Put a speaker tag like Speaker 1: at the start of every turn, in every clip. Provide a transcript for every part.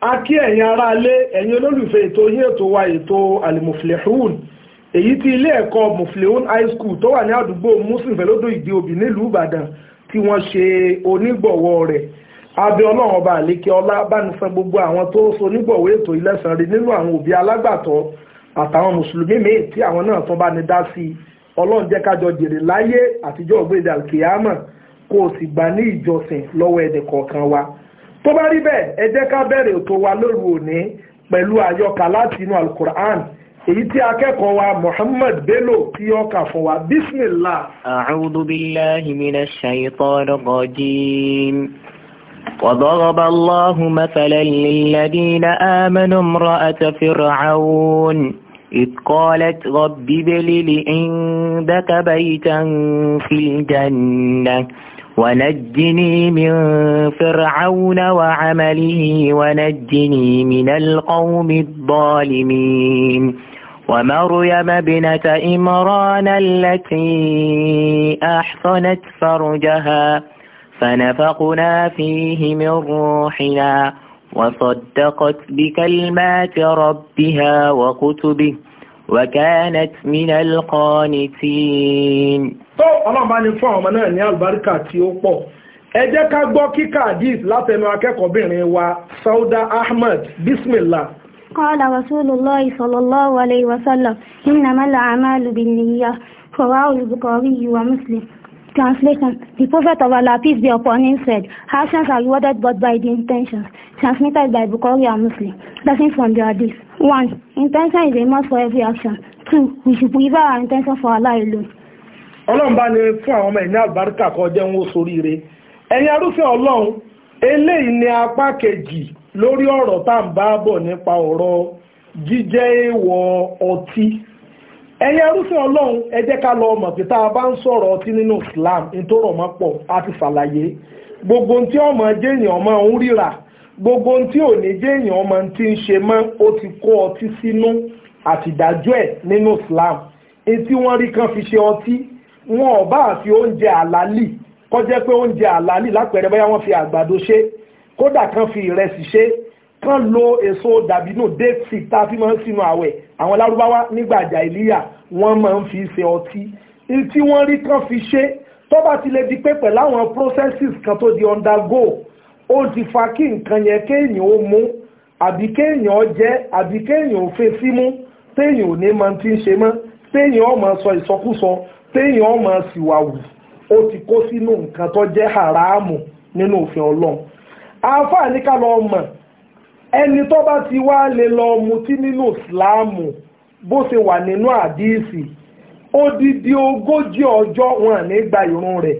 Speaker 1: a kí ẹ̀yin ará alé ẹ̀yin olólùfẹ́ ètò yín ètò wa ètò alimuflehun èyí tí ilé ẹ̀kọ́ muflehun high school tó wà ní àdúgbò muslim fẹ́lódò ìdí òbí nílùú ìbàdàn tí wọ́n ṣe onígbọ̀wọ́ rẹ̀ abẹ́ ọlọ́run ọba àlékè ọlá bá ní san gbogbo àwọn tó so onígbọ̀wọ́ ètò ìlẹ́sàn rí nínú àwọn òbí alágbàtọ́ àtàwọn mùsùlùmí míì tí àwọn náà tún bá ní dá sí ọlọ́run jẹ́ kájọ tó bá rí bẹ́ẹ̀ ẹ ká bẹ̀rẹ̀ ètò wa lóru òní pẹ̀lú àyọkà láti inú alukur'an èyí tí akẹ́kọ̀ọ́ wa Muhammad Bello tí ó kà fún wa bismillah. وضرب الله مثلا للذين آمنوا امرأة فرعون إذ قالت رب ابن لي عندك بيتا في الجنة ونجني من فرعون وعمله ونجني من القوم الظالمين ومريم ابنة إمران التي أحصنت فرجها فنفقنا فيه من روحنا وصدقت بكلمات ربها وكتبه وكانت من القانتين tó ọlọ́run bá ní fún àwọn ọmọ náà ní àlùbáríkà tí ó pọ̀ ẹ jẹ́ ká gbọ́ kíkà hadith látẹnu akẹ́kọ̀ọ́bìnrin wa Sauda Ahmed bismillah قال رسول الله صلى الله عليه وسلم إنما الأعمال بالنية رواه البخاري ومسلم Translation. The Prophet of Allah, peace be upon him, said, Actions are rewarded but by the intentions. Transmitted by Bukhari and Muslim. Lessons from the Hadith. 1. Intention is a must for every action. 2. We should preserve our intention for Allah alone. Ọlọ́run bá fún àwọn ọmọ ẹ̀ ní àlùbáríkà jẹ́ wọn ó sórí rẹ̀. Ẹ̀yin arúfẹ́ Ọlọ́run, eléyìí ni apá kejì lórí ọ̀rọ̀ tá bá bọ̀ nípa ọ̀rọ̀ jíjẹ́ èèwọ̀ ọtí ẹ̀yin arúfin ọlọ́run ẹ jẹ́ ká lọ mọ̀ pé tá a bá ń sọ̀rọ̀ ọtí nínú Islam nítorí ọmọ pọ̀ á ti ṣàlàyé gbogbo ohun tí ọmọ jẹ́yìn ọmọ ń ríra gbogbo ohun tí ò ní jẹ́yìn ọmọ ti ń ṣe mọ́ ó ti kó ọtí sínú àtìdájọ́ ẹ̀ nínú Islam etí wọ́n rí kan fi ṣe ọtí wọn ò bá oúnjẹ àlálì kọjá pé oúnjẹ àlálì lápẹẹrẹ bóyá wọ́n fi àgbàdo ṣe kódà kan fi ìrẹsì ṣe kán lo èso dàbínù date six tá a fi máa ń sínú àwẹ̀ àwọn lárúbáwá nígbàjà ìlíyà wọ́n máa ń fi ṣe ọtí tí wọ́n rí kán fi ṣe tó bá ti lè di pé pẹ̀lú àwọn processes kan tó di undergo ó ti fa kí nǹkan yẹn kéèyàn ó mú àbí kéèyàn jẹ àbí kéèyàn ò fẹ́ sí mú téèyàn ò ní máa ti ń ṣe mọ́ téèyàn ó máa sọ ìsọkúsọ téèyàn ó máa sìwàwù ó ti kó sínú nǹkan tó jẹ́ haramu nínú òfin ọlọ́run àáfàá ní ká lọ mọ̀ ẹni tó bá ti wá lè lọ mutí nínú ìsìláàmù bó ṣe wà nínú àdíìsì odidi ogójì ọjọ́ wọn ní gba irun rẹ̀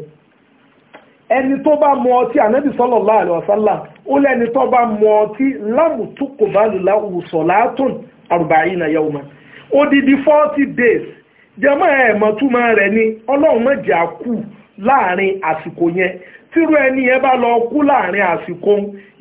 Speaker 1: ẹni tó bá mu ọtí ànábì sallallahu alaihi wasallam ó lẹ́ni tó bá mu ọtí lámùtú kò bá lùlá salatun O di odidi forty days jẹ́mọ́ ma rẹ ni ọlọ́run mọ̀jà láàrin àsìkò yẹn tírú ẹni yẹn bá lọ kú láàrin àsìkò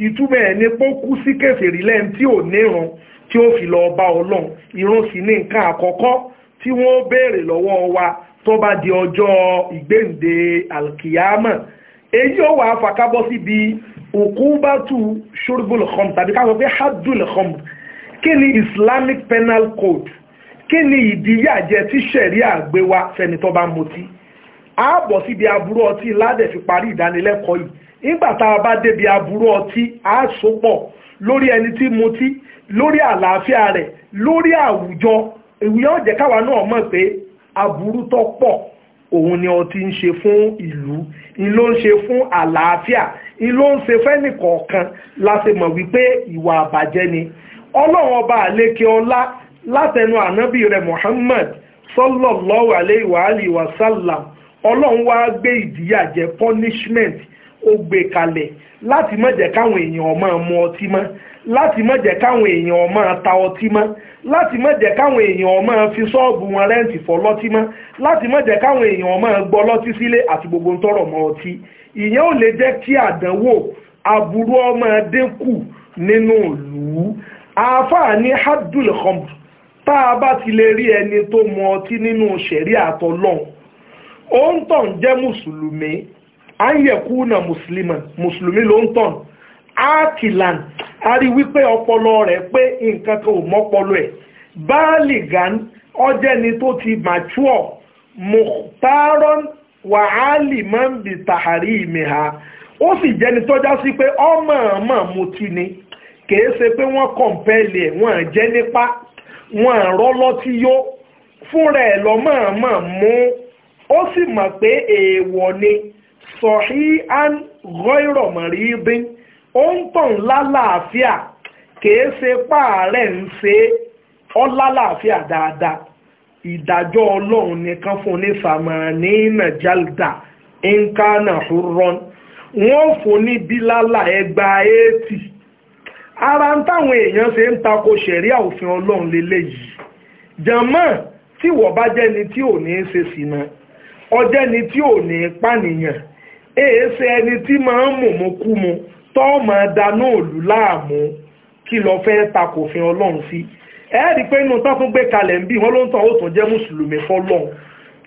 Speaker 1: ìtumọ̀ ẹ̀ ní pé ó kú sí kèfèrí lẹ́yìn tí ò nírun tí ó fi lọ bá ọlọ́run ìrun sì ní nǹkan àkọ́kọ́ tí wọ́n béèrè lọ́wọ́ wa tó bá di ọjọ́ ìgbéǹde alkiyama èyí ó wà fàkábọ́ síbi òkúbátù ṣorúbùl khomr tàbí ká pé hadul khomr kí ni islamic penal code kí ni ìdíyàjẹ tí ṣẹ̀rí àgbéwá fẹ́ni tó bá mutí ààbọ̀ síbi aburú ọtí ládẹ̀ fi parí ìdánilẹ́kọ̀ọ́ yìí nígbà tá a bá débi aburú ọtí a sopọ̀ lórí ẹni tí mutí lórí àlàáfíà rẹ̀ lórí àwùjọ èyí ó jẹ́ káwa náà mọ̀ pé aburú tó pọ̀ òun ni ọtí ń ṣe fún ìlú ń ló ń ṣe fún àlàáfíà ń ló ń ṣe fẹ́nìkọ̀ọ̀kan la ṣe mọ̀ wípé ìwà àbàjẹ́ ni ọlọ́run ọba àlékè ọlá látẹnu ànábì rẹ̀ Muhammad sallallahu alayhi wa alihi wa sallam ọlọ́run wá gbé ìdíyà jẹ punishment ó gbé kalẹ̀ láti má jẹ́ káwọn èèyàn máa mu ọtí mọ́ láti má jẹ́ káwọn èèyàn máa ta ọtí mọ́ láti má jẹ́ káwọn èèyàn máa fi ṣọ́ọ̀bù wọn rẹ́ǹtì fọ́ lọ́tí mọ́ láti má jẹ́ káwọn èèyàn máa gbọ́ lọ́tí sílé àti gbogbo ń tọrọ mọ́ ọtí ìyẹn ò lè jẹ́ kí àdánwò aburú ọmọ dínkù nínú ìlú àáfàá ní hadul tá a bá ti lè rí ẹni tó mu ọtí nínú ṣẹ̀rí àtọ́lọ́hùn ó ń tàn jẹ́ mùsùlùmí à musulumi yẹ̀kú na mùsùlùmí ló ń tàn ákìlán a ọpọlọ rẹ pe nǹkan kan ò mọ́pọlọ ẹ̀ báàlì gan ọjẹ́ni tó ti mature muhtaron wàhálì máa ń bi tàhárí ìmìhà ó sì si tó já sí pé ọmọ ọmọ mutí ni kìí ṣe pé wọ́n kọ̀ǹpẹ́lì ẹ̀ wọ́n jẹ́ nípa wọ́n yọ tí yó fúnra ẹ̀ lọ́mọ̀ọ́mọ̀ mú. ó sì mọ̀ pé èèwọ̀ ni sọ̀hí an gọ́ìrọ̀ mọ̀rí bí ó ń tàn lálàáfíà kìí ṣe páàrẹ̀ ń ṣe ọ́ lálàáfíà dáadáa ìdájọ́ ọlọ́run nìkan fún ní sàmánì nàjálda nkánà hurron wọ́n fún ní bílálà ẹgbàá eighty ara ń táwọn èèyàn ṣe ń tako ṣẹ̀ríà òfin ọlọ́run lélẹ́yìí jàmọ́ tí wọ́n bá jẹ́ni tí ò ní í ṣe sí náà ọjẹ́ ni tí ò ní pànìyàn èé ṣe ẹni tí máa ń mùmú kú mu tó máa dáná òlù láàmú kí lọ fẹ́ takòfin ọlọ́run sí ẹ rí pé inú tó tún gbé kalẹ̀ ń bí ló ń tọ́ ó jẹ́ mùsùlùmí fọlọ́run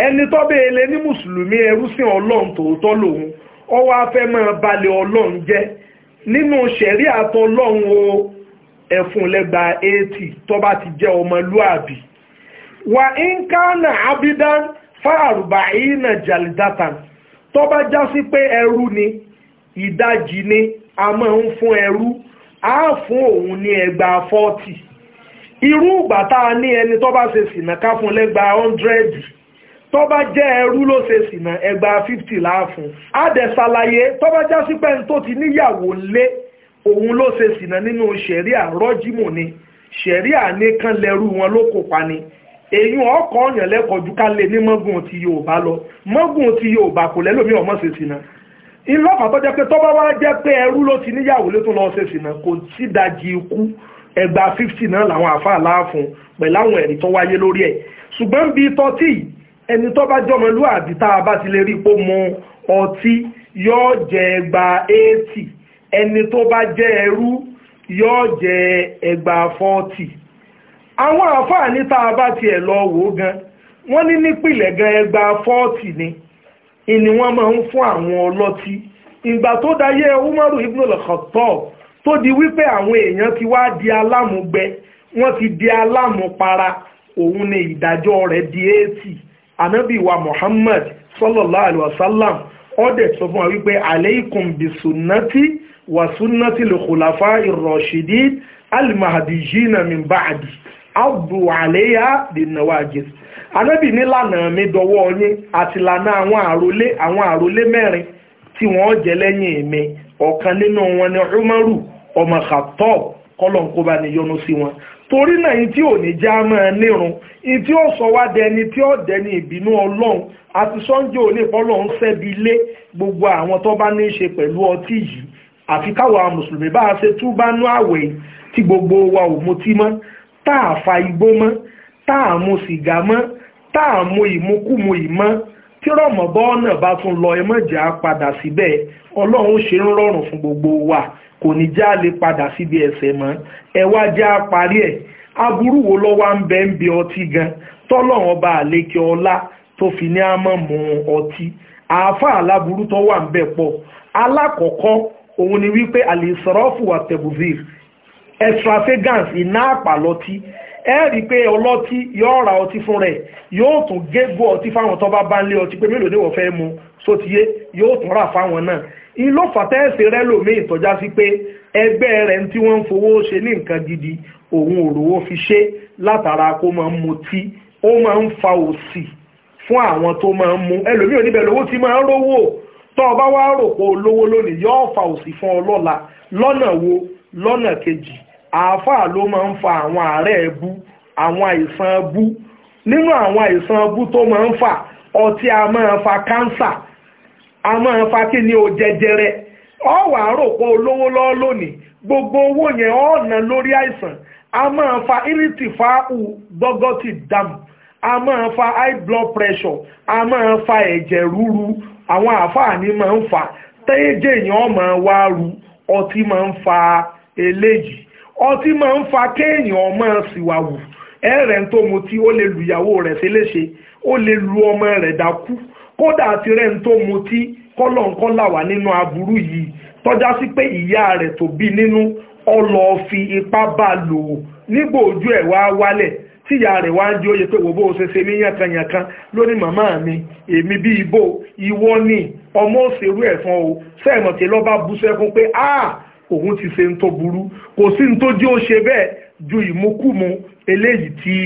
Speaker 1: ẹni tó bẹ́ẹ̀ lé ní mùsùlùmí ẹrú sí ọlọ́run tòótọ́ lòun nínú àtọlọ́run o ẹ̀fún 80 tó bá ti jẹ́ ọmọlúàbí wà ń abidan fáàrùbà ìnà jàlìdátàn tó bá já sí pé ẹrú ni ìdajì ni a máa ń fún ẹrú a fún òun ní ẹgbàá fọ́ọ̀tì irú ìgbà tá a ní ẹni tó bá ṣe sìnà ká fún lẹ́gbàá ọ́ndrẹ́dì tó bá jẹ́ ẹrú ló ṣe sìnà ẹgbàá fífítì láàfún àdẹ̀sàlàyé tó bá já sí pé ẹni tó ti níyàwó lé òun ló ṣe sìnà nínú ṣẹ̀ríà rọ́jímù ni ṣẹ̀ríà ní kan lẹ́rú wọn ló kópa ni èyí ọkọ̀ ọ̀yàn lẹ́kọ̀ọ́ ju ká lè ní mọ́gùn ti Yorùbá lọ mọ́gùn ti Yorùbá kò lẹ́lòmí ọmọ ṣe sí náà ìlọ́pàá tó jẹ́ pé tọ́ba wá jẹ́ pé ẹrú ló ti níyàwó lé tó lọ ṣe náà kò sí dajì ikú ẹgbàá fifty náà làwọn àáfàá láàfún pẹ̀lú àwọn ẹ̀rí tó wáyé lórí ẹ̀ ṣùgbọ́n bíi tọ́tí ẹni tó bá jọmọ lúàbí tá a bá ti lè rí yóò jẹ ẹgbàá eighty àwọn àáfàá ní tá a bá tiẹ̀ lọ wò gan wọ́n ní nípìnlẹ̀ gan ẹgbàá fọ́ọ̀tì ni ìní wọ́n máa ń fún àwọn ọlọ́tí ìgbà tó dayé Umaru ibn al-Khattab tó di wípé àwọn èèyàn ti wá di alámùgbẹ wọ́n ti di alámùpara òun ni ìdájọ́ rẹ̀ di éètì ànábì Muhammad sallallahu alayhi wa sallam ọdẹ sọ fún wa wípé aleikum bi sunnati wa sunnati lukulafa jina alimahadijina min baadi abu àléyà dènàwájì anábì lana mi dọwọ́ yín àti lànà àwọn arole àwọn àròlé mẹ́rin tí wọ́n jẹ́ lẹ́yìn mi ọ̀kan nínú wọn ni umaru ọmọ khattab kọlọ̀nkóbá ni yọ́nú sí wọn torí náà yìí tí ò ní já máa nírun yìí tí ó sọ wá dẹni tí ó dẹni ìbínú ọlọ́run àti sọ́njẹ́ òní fọlọ́run sẹ́bi lé gbogbo àwọn tó bá ní í ṣe pẹ̀lú ọtí yìí àfi káwa mùsùlùmí bá a ṣe tú àwẹ̀ tí gbogbo wa ò mutí mọ́ ta à fa igbó mọ́ tá mu sìgá mọ́ tá à mu ìmukúmu ìmọ́ tí rọ̀mọ̀bọ́ọ̀nà bá tún lọ ẹ mọ̀jẹ̀ á padà síbẹ̀ ọlọ́run ṣe ń rọrùn fún gbogbo wa kò ní já lè padà síbi ese mọ́ ẹ wá já parí ẹ̀ aburú wo wá ń bi ọtí gan tọ́lọ́run ọba àlékè ọlá tó fi ní mu ọtí àáfàá aláburú tó wà ń pọ̀ alákọ̀ọ́kọ́ òun ni wípé àlè sọ̀rọ̀ extravagance iná àpàlọ́tí ẹ rí i pé ọlọ́tí yóò ra ọtí fún rẹ̀ yóò tún gégó ọtí fáwọn tó bá bá ń lé ọtí pé mélòó ni wọ́n fẹ́ mu sótìyé yóò tún rà fáwọn náà ìlò fàtẹ́ẹ̀sì rẹ lòmí ìtọ́já sí pé ẹgbẹ́ rẹ̀ tí wọ́n ń fowó ṣe ní nǹkan gidi òun òrówó fi ṣe látara kó máa ń mutí ó máa ń fa òṣì fún àwọn tó máa ń mu ẹlòmíì oníbẹ̀ lówó tí máa ń rówó tó o bá wá rò pé olówó lónìí yóò fa òṣì fún ọ lọ́la lọ́nà wo lọ́nà kejì àáfàá ló máa ń fa àwọn àárẹ̀ ẹbú àwọn àìsàn ẹbú nínú àwọn àìsàn ẹbú tó máa ń fà ọtí a máa fa kánsà a máa fa kí ni o jẹjẹrẹ ọ wà á rò pé olówó lọ́ọ́ lónìí gbogbo owó yẹn ọ̀nà lórí àìsàn a máa fa iriti fa u gbọ́gọ́tì dam a máa fa high blood pressure a máa fa ẹ̀jẹ̀ ríru àwọn àáfàá ni máa ń fa tẹ́yẹ̀jẹ̀ yẹn ọ̀ máa wá ru ọtí máa ń fa eléyìí ọtí máa ń fa kéèyàn ọmọ síwáwù ẹ̀rẹ̀ ń tó mu tí ó lè lu ìyàwó rẹ̀ ṣeléṣe ó lè lu ọmọ rẹ̀ dákú kódà àti rẹ̀ ń tó mu tí kọ́lọ̀ǹkọ́là wà nínú aburú yìí tọ́já sí pé ìyá rẹ̀ tó bí nínú ọlọ́ fi ipá bá lò ó nígbà ojú ẹ̀ wá wálẹ̀ tíyà rẹ̀ wá ń di óye pé wò bó ṣe ṣe ní yànkanyànkan lónìí màmá mi èmi bí ibo ìwọ ni ọmọ òṣèrú ẹ̀fọn o sẹ́ẹ̀mọ̀tì lọ́ba bú sẹ́kún pé ah òun ti ṣe ń tó burú kò sí ní tó jẹ́ ó ṣe bẹ́ẹ̀ ju ìmúkùmù eléyìí tí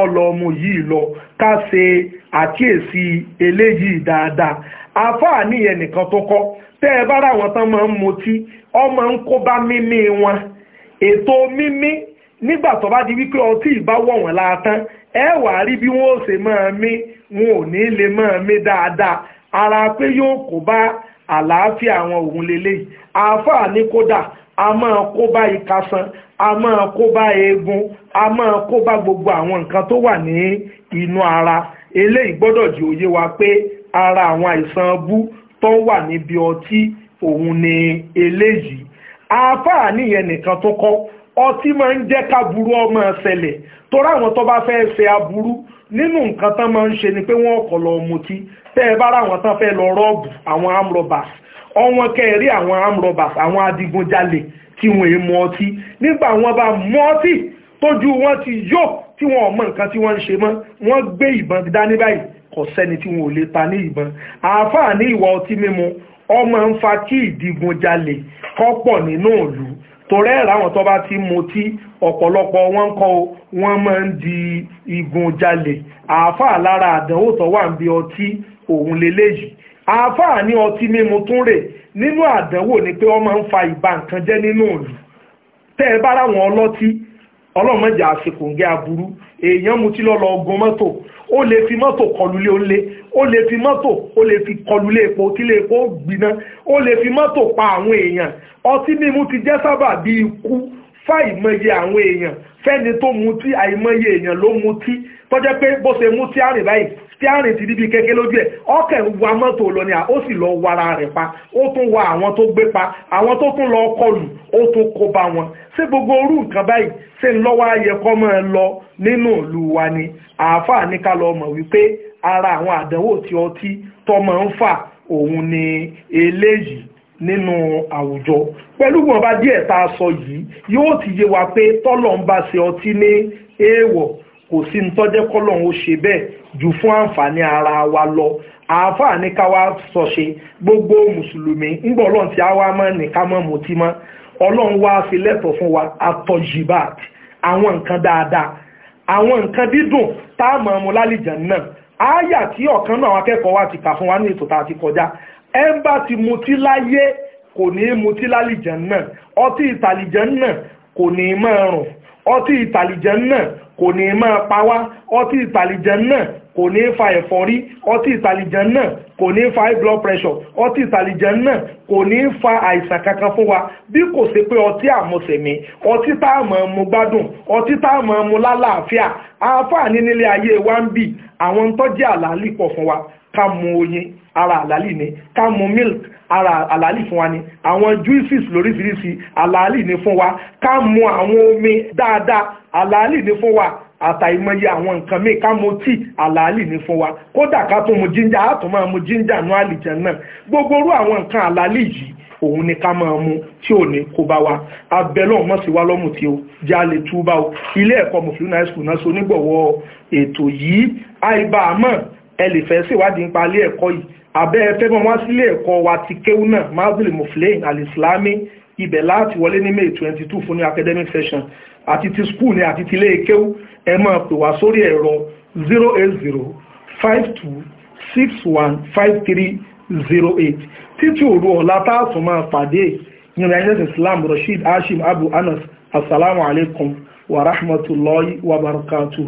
Speaker 1: ọlọ́mù yìí lọ ká ṣe àkíyèsí eléyìí dáadáa àfáà nìyẹn nìkan tó kọ́ tẹ́ ẹ bá ráwọn tán máa ń mutí ọmọ ń kó bá mímí wọn ètò mímí nígbà tó bá di wípé ọtí ìbá wọ̀ wọ́n láàtán ẹ wà rí bí wọ́n ó ṣe máa mí wọn ò ní lè máa mí dáadáa ara pé yóò kó bá àlàáfíà àwọn òun lélẹ́yìí àáfàá ní kódà a máa kó bá ìkasan a máa kó bá eegun a máa kó bá gbogbo àwọn nǹkan tó wà ní inú ara eléyìí gbọ́dọ̀ jẹ́ òye wa pé ara àwọn àìsàn bú tó wà níbi ọtí òun ni eléyìí àáfàá nìyẹn nìkan tó kọ́ ọtí máa ń jẹ́ káburú ọmọ ṣẹlẹ̀ torí àwọn tó bá fẹ́ ṣe aburú nínú nǹkan tán máa ń ṣe ni pé wọ́n ọkọ̀ lọ mutí tẹ́ ẹ bá ráwọn tán fẹ́ lọ rọ́ọ̀bù àwọn amrobas ọwọ́n kẹrí àwọn amrobas àwọn adigunjalè tí wọ́n èé mu ọtí nígbà wọn bá mu ọtí tójú wọn ti yó tí wọn ò mọ nǹkan tí wọ́n ń ṣe mọ́ wọ́n gbé ìbọn dání báyìí kò sẹ́ni tí wọn ò lè ta ní ìbọn àáfàá ní ìwà ọtí mímu ọmọ ń fa kí ìdigunjalè kọ́pọ̀ nínú ìlú torí ẹ̀rọ àwọn tó bá ti mutí ọ̀pọ̀lọpọ̀ wọn kọ́ wọn máa ń di igun jalè àáfàá lára àdánwò tó wà ń bí ọtí òun leléyìí àáfàá ní ọtí mímu tún rè nínú àdánwò ni pé wọ́n máa ń fa ìbá nǹkan jẹ́ nínú ìlú tẹ́ ẹ bá ráwọn ọlọ́tí ọlọ́mọdé àṣekùngẹ́ aburú èèyàn mutí lọ́lọ́ ọgùn mọ́tò ó lè fi mọ́tò kọlulé olé ó lè fi mọ́tò ó lè fi kọlulé epo tí epo gbiná ó lè fi mọ́tò pa àwọn èèyàn ọtí mímu ti jẹ́ sábà bí ikú fáìmọye àwọn èèyàn fẹ́ni tó mutí àìmọye èèyàn ló mutí tọ́jẹ́ pé bó ṣe mú tí àrìn báyìí tí àrìn ti díbi kékeré lójú ẹ̀ ọkẹ̀ ń wa mọ́tò lọ ni ó sì lọ wara rẹ̀ pa ó tún wa àwọn tó gbé pa àwọn tó tún lọ kọlù ó tún kó bá wọn ṣé gbogbo orú nǹkan báyìí ṣé ń lọ́wọ́ ayẹ kọ́ máa lọ nínú ìlú wa ni àáfàá ní ká lọ mọ̀ wípé ara àwọn àdánwò tí ọtí tọmọ ń fà òun ni eléyìí nínú àwùjọ pẹ̀lú wọn bá díẹ̀ tá a sọ yìí yóò ti yé wa pé tọ́lọ̀ ń bá ṣe ọtí ní èèwọ̀ kò sí ní tọ́jẹ́ kọ́lọ̀ ń ṣe bẹ́ẹ̀ jù fún àǹfààní ara wa lọ àǹfààní ká wá sọ ṣe gbogbo mùsùlùmí ńgbọ́ ọlọ́run tí a wá mọ́ nìka mọ́ mutí mọ́ ọlọ́run wá fi lẹ́tọ̀ fún wa àtọ̀jìbáàt àwọn nǹkan dáadáa àwọn nǹkan dídùn tá a mọ̀ ọmọ lálìjàn náà ááyà tí ọ̀kan náà akẹ́kọ̀ọ́ wa ti kà fún wa ní ètò tá a ti kọjá ẹ̀ńbà ti mutí láyé kò ní í mutí lálìjẹ́ náà ọtí ìtàlìjẹ́ náà kò ní í máa rùn ọtí ìtàlìjẹ́ náà kò ní máa pa ọtí ìtàlìjẹ́ náà kò ní fa ẹ̀fọ́rí ọtí ìtàlìjẹ́ náà kò ní fa high blood pressure ọtí ìtàlìjẹ́ náà kò ní í fa àìsàn kankan fún wa bí kò sí pé ọtí àmọ̀sẹ̀mí ọtí tá a máa mu gbádùn ọtí tá a máa mu lálàáfíà àǹfààní nílé ayé wa ń bì àwọn tọ́jú àlàálì pọ̀ fún wa ká mu oyin ara àlàlì ni ká mu milk ara àlàlì fún wa ni àwọn juices lóríṣiríṣi àlàlì ni fún wa ká mu àwọn omi dáadáa àlàlì ni fún wa àtàìmọye àwọn nǹkan míì ká mu tíì àlàálì ní fún wa kódà ká tún mu jíńjà á tún máa mu jíńjà nú àlìjẹ náà gbogbo orú àwọn nǹkan àlàálì yìí òun ni ká máa mu tí ò ní kó bá wa abẹ́lọ́ mọ̀ sí wa lọ́mù tí ó já lè tú ilé ẹ̀kọ́ mùsùlùmí náà so nígbọ̀wọ́ ètò yìí àìbá àmọ́ ẹ lè fẹ́ ṣèwádìí nípa ilé ẹ̀kọ́ yìí abẹ́ ẹfẹ́ mọ́ wá sílé ẹ̀kọ́ wa ti kéwú náà mazil muflein alislami ibẹ̀ láti wọlé ní may twenty two fún ní academic session àti ti school ni àti ti ilé kéwú ẹ máa pè wá sórí ẹ̀rọ zero eight zero five two six one five three zero eight títí òru ọ̀la táàtún máa pàdé yìnyín ẹ̀yẹ́sìn islam rasheed hashim abu anas asalaamualeykum wa rahmatulahi wa barakatuh.